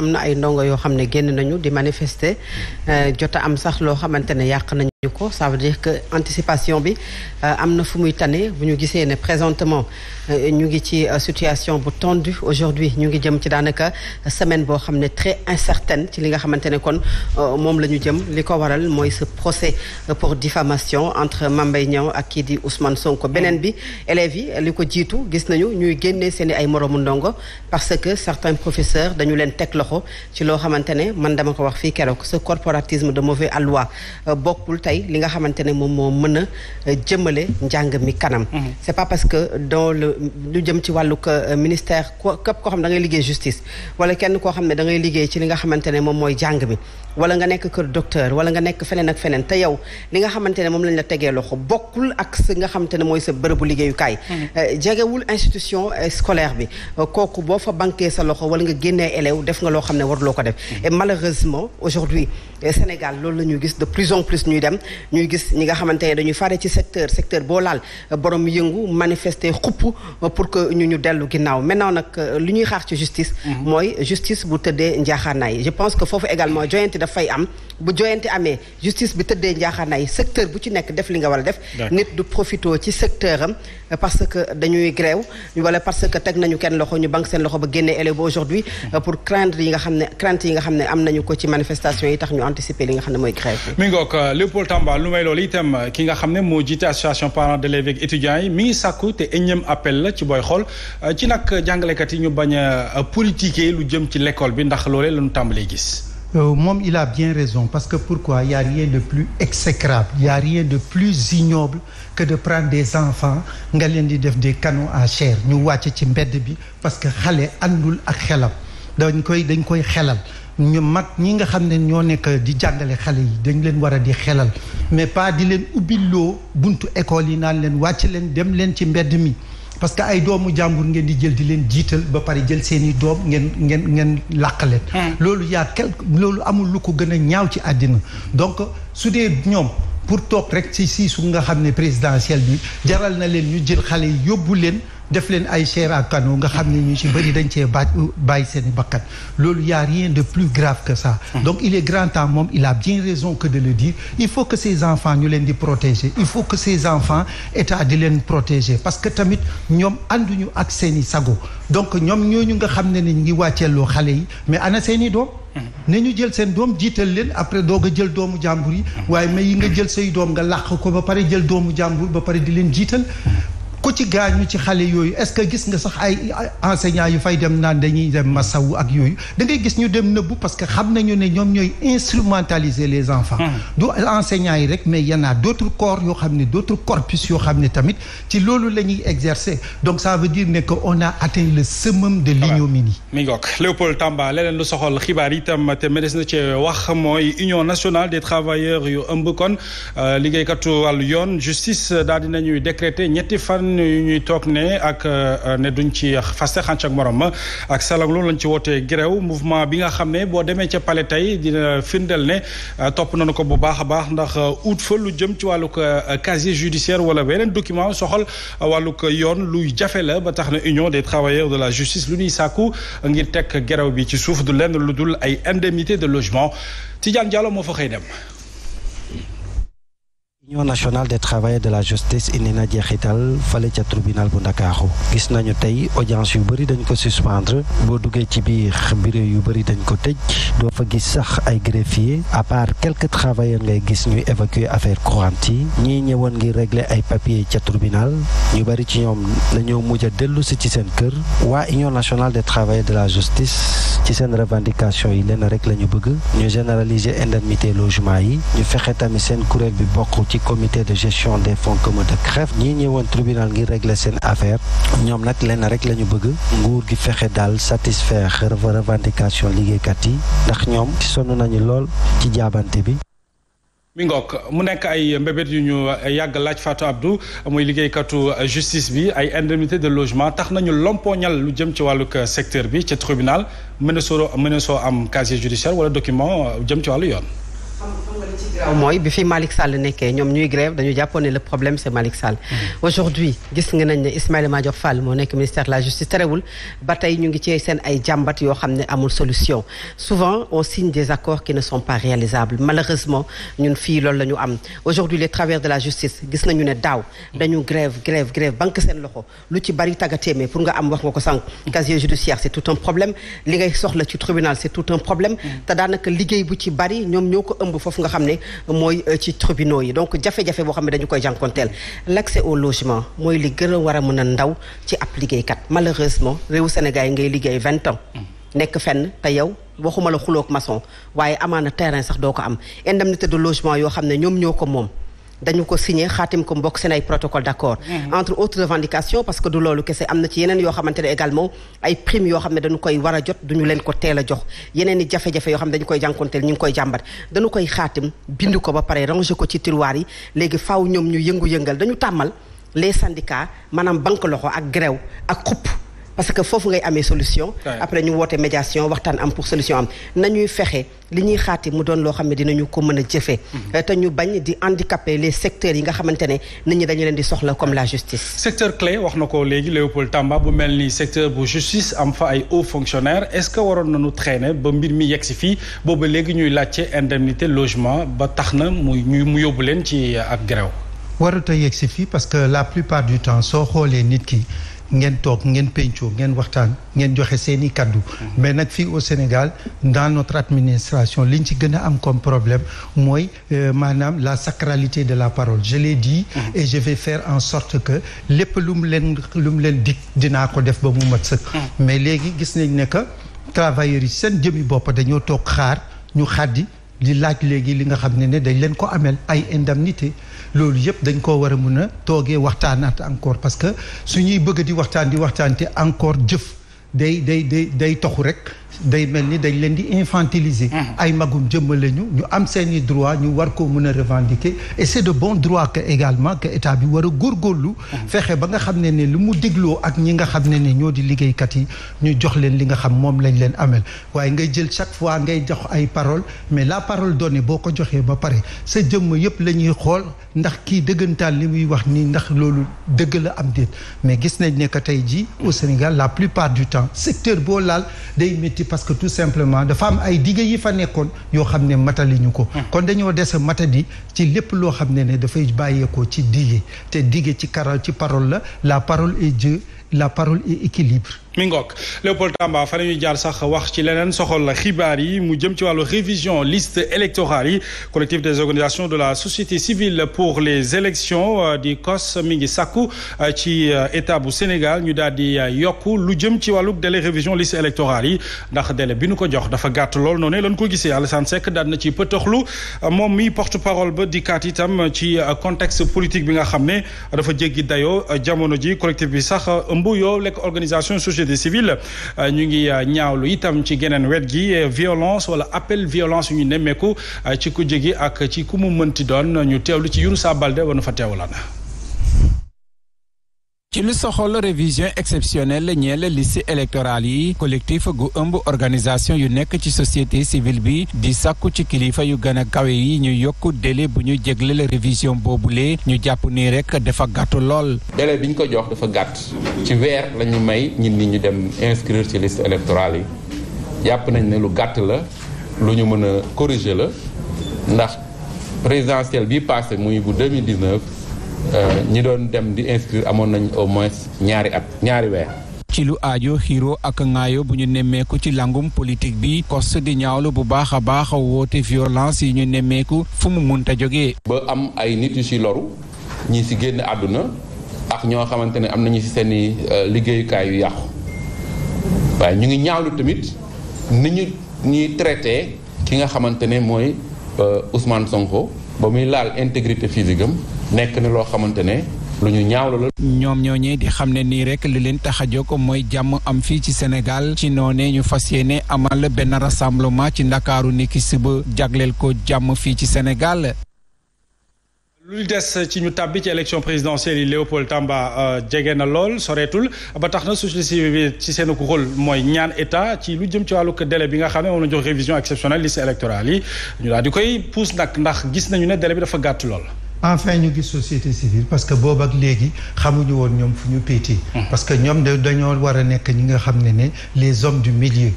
am na ay ndongo yoo xam ne génn nañu di manifester euh, jot a am sax loo xamante ne yàq nañu ñu ko ça veut dire que anticipation bi euh, am na fu muy tane bu ñu gisee ne présentement euh, ñu ngi ci euh, situation bu tendue aujourd'hui ñu ngi jëm ci daanaka semaine boo xam ne très incertaine ci li nga xamante ne kon moom la ñu jëm li ko waral mooy ce procès pour diffamation entre Mame Mbaye Niang ak kii di Ousmane Sonko beneen bi élèves yi li ko jiitu gis nañu ñuy génnee seeni ay moroomu ndongo parce que certains professeurs dañu leen teg loxo ci loo xamante ne man dama ko wax fii keroog ce de mauvais aloi tey li nga xamante ne moom moo mën a euh, jëmale njàng mi kanam. Mm-hmm. c'est pas parce que dans le lu jëm ci wàllu euh, ministère ko képp koo xam ne da ngay liggéey justice wala kenn koo xam ne da ngay liggéey ci li nga xamante ne moom mooy njàng mi wala nga nekk kër docteur wala nga nekk feneen ak feneen te yow li nga xamante ne moom lañ la tegee loxo bokkul ak si nga xamante ne mooy sa bërëbu liggéeyu liggéeyukaay. Mm-hmm. Euh, jegewul institution scolaire bi kooku boo fa banqué sa loxo wala nga génnee élève def nga loo xam ne waruloo ko def mm-hmm. et malheureusement aujourd'hui Sénégal loolu la ñuy gis de plus en ñuy dem ñuy gis ñi nga xamante ne dañuy fare ci secteur secteur boo laal borom yëngu manifester xupp euh, pour que ñu ñu dellu ginnaaw maintenant nag euh, li ñuy xaar ci justice. Mhm. mooy justice bu tëddee njaaxaanaay je pense que foofu également joyante dafay am bu joyante amee justice bi tëddee njaaxaanaay secteur bu ci nekk def li nga war a def. nit du profito ci secteur am euh, parce que dañuy grève wala parce que teg nañu kenn loxo ñu banque seen loxo ba génnee élève ba aujourd'hui mhm. pour craindre yi ne crainte yi nga xam ne am nañu ko ci manifestation yi tax ñu anticiper li nga xam ne mooy grève Tamba lu may loolu itam ki nga xam ne moo jiite association parents d'élèves ak étudiants yi mi ngi sàkku te énième appel la ci booy xool euh, ci nag jàngalekat yi ñu bañ a euh, politiquer lu jëm ci lekkool bi ndax loolee lañu tàmbalee gis. Euh, moom il a bien raison parce que pourquoi y a rien de plus exécrable y rien de plus ignoble que de prendre des enfants nga leen di def des canons à chair ñu wàcc ci mbedd bi parce que xale àndul ak xelam dañ koy dañ koy xelal. ñu mag ñi nga xam ne ñoo nekk di jàngale xale yi dañ leen war a di xelal mais pas di leen ubbiloo buntu école yi naan leen wàcc leen dem leen ci mbedd mi parce que ay doomu jàmbur ngeen di jël di leen jiital ba pare jël seeni doom ngeen ngeen ngeen làq leen hmm. loolu yaa quelque loolu amul lu ko gën a ñaaw ci àddina donc su dee ñoom pour toog rek ci si su nga xam ne présidentielle bi jaral na leen ñu jël xale yi yóbbu leen def leen ay chair à canon nga xam ne ñu ci bëri dañ cee bàyyi seen i bakkan loolu y a rien de plus grave que ça hmm. donc il est grand temps moom il a bien raison que de le dire il faut que ces enfants ñu leen di protéger il faut que ces enfants état di leen protéger parce que tamit ñoom ñu ak seen i sago donc ñoom ñooñu nga xam ne ne ñu ngi wàcceeloo xale yi mais ana seen doom hmm. na ñu jël seen doom jiital leen après doog a jël doomu jàmbur yi hmm. waaye may yi nga jël say doom nga làq ko ba pare jël doomu jàmbur ba pare di leen jiital ku ci gaañu ci xale yooyu est-ce que gis nga sax ay enseignants yu fay dem naan dañuy dem masawu ak yooyu da ngay gis ñu dem nëbbu parce que xam nañu ne ñoom ñooy instrumentaliser les enfants. du enseignants yi rek mais y en a d'autres xam ne d'autres corpus yoo xam ne tamit ci loolu la ñuy exercer donc ça veut dire ne que on a atteint le summum de l'ignominie. mi ngook Léopold Tamba leneen lu soxal xibaar yi itam te mënees na ci wax mooy union nationale des travailleurs yu ëmb kon euh, liggéeykatu wàllu yoon justice daal dinañuy décréter ñetti fan yu ñuy toog ne ak euh, ne duñ ci faste xànc ak morom ma ak salang loolu lañ ci wootee gréew mouvement bi nga xam ne boo demee ca pale tey dina firndeel ne euh, topp nañu ko bu baax a baax ndax euh, ut fa lu jëm ci wàllu wàllug casier judiciaire wala beneen document soxal wàllug yoon luy jafe la ba tax ne union des travailleurs de la justice lu ñuy sàkku ngir teg gréew bi ci suuf du lenn lu dul ay indemnité de logement Tidiane Diallo moo fa xëy dem union nationale des travailleurs de la justice indi na jeexital fale ca tribunal bu ndakaaxu gis nañu tey audience yu bari dañ ko suspendre boo duggee ci biir bureau yu bëri dañ ko tëj doo fa gis sax ay greffier à part quelques travailleurs ngay gis ñuy évacuer affaire courante yi ñii ñëwoon ngir régler ay papier ca tribunal ñu bari ci ñoom dañoo mujj a dellu si ci seen kër waa union nationale des travailleurs de la justice seen revendication yi leen rek la ñu bëgg ñu généraliser indemnité logement yi ñu fexe tamit seen kuréel bi bokk ci comité de gestion des fonds communs de CREF ñii ñëwoon tribunal ngir régler seen affaire ñoom nag lenn rek la ñu bëgg nguur gi fexe daal satisfaire revendication liggéeykat yi ndax ñoom ci sonn nañu lool ci jaabante bi mi ngook mu nekk ay mbébét yu ñu yàgg laaj Fatou Abdou muy liggéeykatu justice bi ay indemnité de logement tax nañu lompoñal lu jëm ci wàllu secteur bi ci tribunal mëne soo mëne soo am casier judiciaire wala document jëm ci wàllu yoon kaw mooy bi fi Malick Sall nekkee ñoom ñuy grève dañu jàppoon ne le problème c'est Malick Sall mm-hmm. aujourd'hui gis nga nañ ne Ismaïla Madior Fall moo nekk ministère de la justice terewul ba tey ñu ngi ci seen ay jàmbat yoo xam ne amul solution souvent on signe des accords qui ne sont pas réalisables malheureusement ñun fii loolu la ñu am aujourd'hui les travers de la justice gis nañu ne daaw dañu grève grève grève banque seen loxo lu ci bari taggatéemee pour nga ko sànq casier mm-hmm. bu ci bari ñoom ñoo ko mooy euh, ci tribunaux yi donc jafe-jafe boo xam ne dañu koy jànkonteel l' au logement mooy li gën a war a mën a ndaw ci ab liggéeykat moo réewu Sénégal yi ngay liggéey vingt ans mm. nekk fenn te yow waxuma la xuloog maçon waaye amaana terrain sax doo ko am indemnité de logement yoo xam ne ñoom ñoo ko moom dañu ko signé xaatim ko mbokk seen ay protocole d' accord mmh. entre autres revendications parce que du loolu kese am na ci yeneen yoo xamante ne également ay primes yoo xam ne dañu koy war a jot duñu leen ko teel a jox yeneen i jafe-jafe yoo xam ne dañu koy jànkonteel ñu ngi koy jàmbat dañu koy xaatim bind ko ba pare ranger ko ci tiroir yi léegi faw ñoom ñu yëngu-yëngal dañu tàmmal les syndicats maanaam banque loxo ak grève ak xupp parce que foofu ngay amee solution. après ñu woote médiation waxtaan am pour solution am nañuy fexe li ñuy xaati mu doon loo xam ne ñu ko mën a jëfee. Mhm. Euh, te ñu bañ di handicapé les secteurs yi nga xamante ne nit ñi dañu leen di soxla comme la justice. secteur clé wax na ko léegi Léopold Tamba bu mel ni secteur bu justice am fa ay hauts fonctionnaires est-ce que waroon na nañu traîner ba mbir mi yegg si fii booba léegi ñuy laajte indemnité logement ba tax na muy ñuy mu yóbbu leen ci euh, ak grève. warut a yegg si fii parce que la plupart du temps soo xoolee nit ki. ngeen toog ngeen penco ngeen waxtaan ngeen joxe seeni kaddu. mais nag fii au Sénégal dans notre administration liñ ci gën a am comme problème mooy euh, maanaam la sacralité de la parole je l'ai dit. Mhm. et je vais faire en sorte que lépp lu mu leen lu mu leen dig dinaa ko def ba mu mat sëkk. Mhm. mais léegi gis nañ ne que travailleurs yi seen jëmi bopp dañoo toog xaar ñu xaddi di laaj léegi li nga xam ne ne dañ leen ko ameel ay indemnité loolu yëpp dañ koo war a mun a toogee waxtaanaat encore parce que su ñuy bëgg di waxtaan di waxtaante encore jëf day day day day toxu rek day mel ni dañ leen di infantiliser. ay magum jëmm lañu ñu am seeni droit ñu war koo mën a revendiquer et de bon droit que également que état bi war a góorgóorlu. fexe ba nga xam ne ne lu mu dégloo ak ñi nga xam ne ne ñoo di liggéeykat yi ñu jox leen li nga xam moom lañ leen ameel waaye ngay jël chaque fois ngay jox ay parole mais la parole donnée boo ko joxee ba pare sa jëmm yëpp la ñuy xool ndax kii dëggantaan li muy wax nii ndax loolu dëgg la am mais gis nañ ne que tey jii au Sénégal la plupart du temps secteur boo laal parce que tout simplement dafa am ay digge yi fa nekkoon yoo xam ne matali ñu ko hmm. kon dañoo des a matadi ci lépp loo xam ne ne dafay bàyyeekoo ci digge te digge ci karal ci parole la la parole est Dieu la parole est équilibre mi ngook Léopold Tamba fa ñuy jaar sax wax ci leneen soxol la xibaar yi mu jëm ci wàllu révision list électorale yi collectif des organisations de la société civile pour les élections euh, di COS mi ngi sakku euh, ci euh, état bu Sénégal ñu daal di yokk lu jëm ci wàllu délai révision liste électorale yi ndax délai bi nu ko jox dafa gàtt lool noonu lañ ko gisee Alassane Seck daan na ci pëtoxlu moom mi porte parole ba di dikkaat itam ci contexte politique bi nga xam ne dafa jéggi dayoo jamono ji collectif bi sax ëmb des civils euh, ñu ngi euh, ñaawlu itam ci geneen wet gi euh, violence wala appel violence yu ñu nemmeeku ci kujje gi ak ci ku mu mënti doon ñu teewlu ci Younousa Baldé wanu fa teewlaan ci lu soxol révision exceptionnelle ñeel liste électorale yi collectif gu ëmb organisation yu nekk ci société civile bi di sàkku ci kilifa yu gën a kawe yi ñu yokk délai bu ñu jégleel révision boobule ñu jàpp nii rek dafa gàtt lool. délai bi ko jox dafa gàtt ci weer la ñu may ñit ñi ñu dem inscrire ci liste électorale yi jàpp nañ ne lu gàtt la lu ñu mën a corriger la ndax présidentielle bi passé muy bu 2019 Euh, ñi doon dem di inscrire amoon nañ au moins ñaari at ñaari weer. ci lu aajo xiiro ak ŋaayo bu ñu nemmeeku ci langum politique bi kos di ñaawlu bu baax a baax woote violence yi ñu nemmeeku fu mu munta jógee. ba am ay nit yu ci loru ñi ci génn àdduna ak ñoo xamante ne am nañu ci seen i euh, liggéeyukaay yu yàqu waaye ñu ngi ñaawlu tamit ni ñu ñuy traité ki nga xamante ne mooy euh, Ousmane Sonko. ba muy laal intégrité physique nekk na loo xamante ne lu ñu ñaawlu la. ñoom ñooñee di xam ne nii rek li leen tax a jóg mooy jàmm am fii ci Sénégal ci noonee ñu fas yéene amal benn rassemblement ci ndakaaru niki suba jagleel ko jàmm fii ci Sénégal. lu des ci ñu tàbbi ci élection présidentielle yi Léopold Tamba euh, jege na lool soreetul ba tax na société civile ci seen rôle mooy ñaan état ci lu jëm ci wàllu délai bi nga xam ne moom la jox révision exceptionnelle liste électorale yi ñu daal di koy pousse nag ndax gis nañu ne délai bi dafa gàtt lool. enfin ñu gis société civile parce que boobu ak léegi xamuñu woon ñoom fu ñu péetee. parce que ñoom dañoo war a nekk ñi nga xam ne ne les hommes du milieu.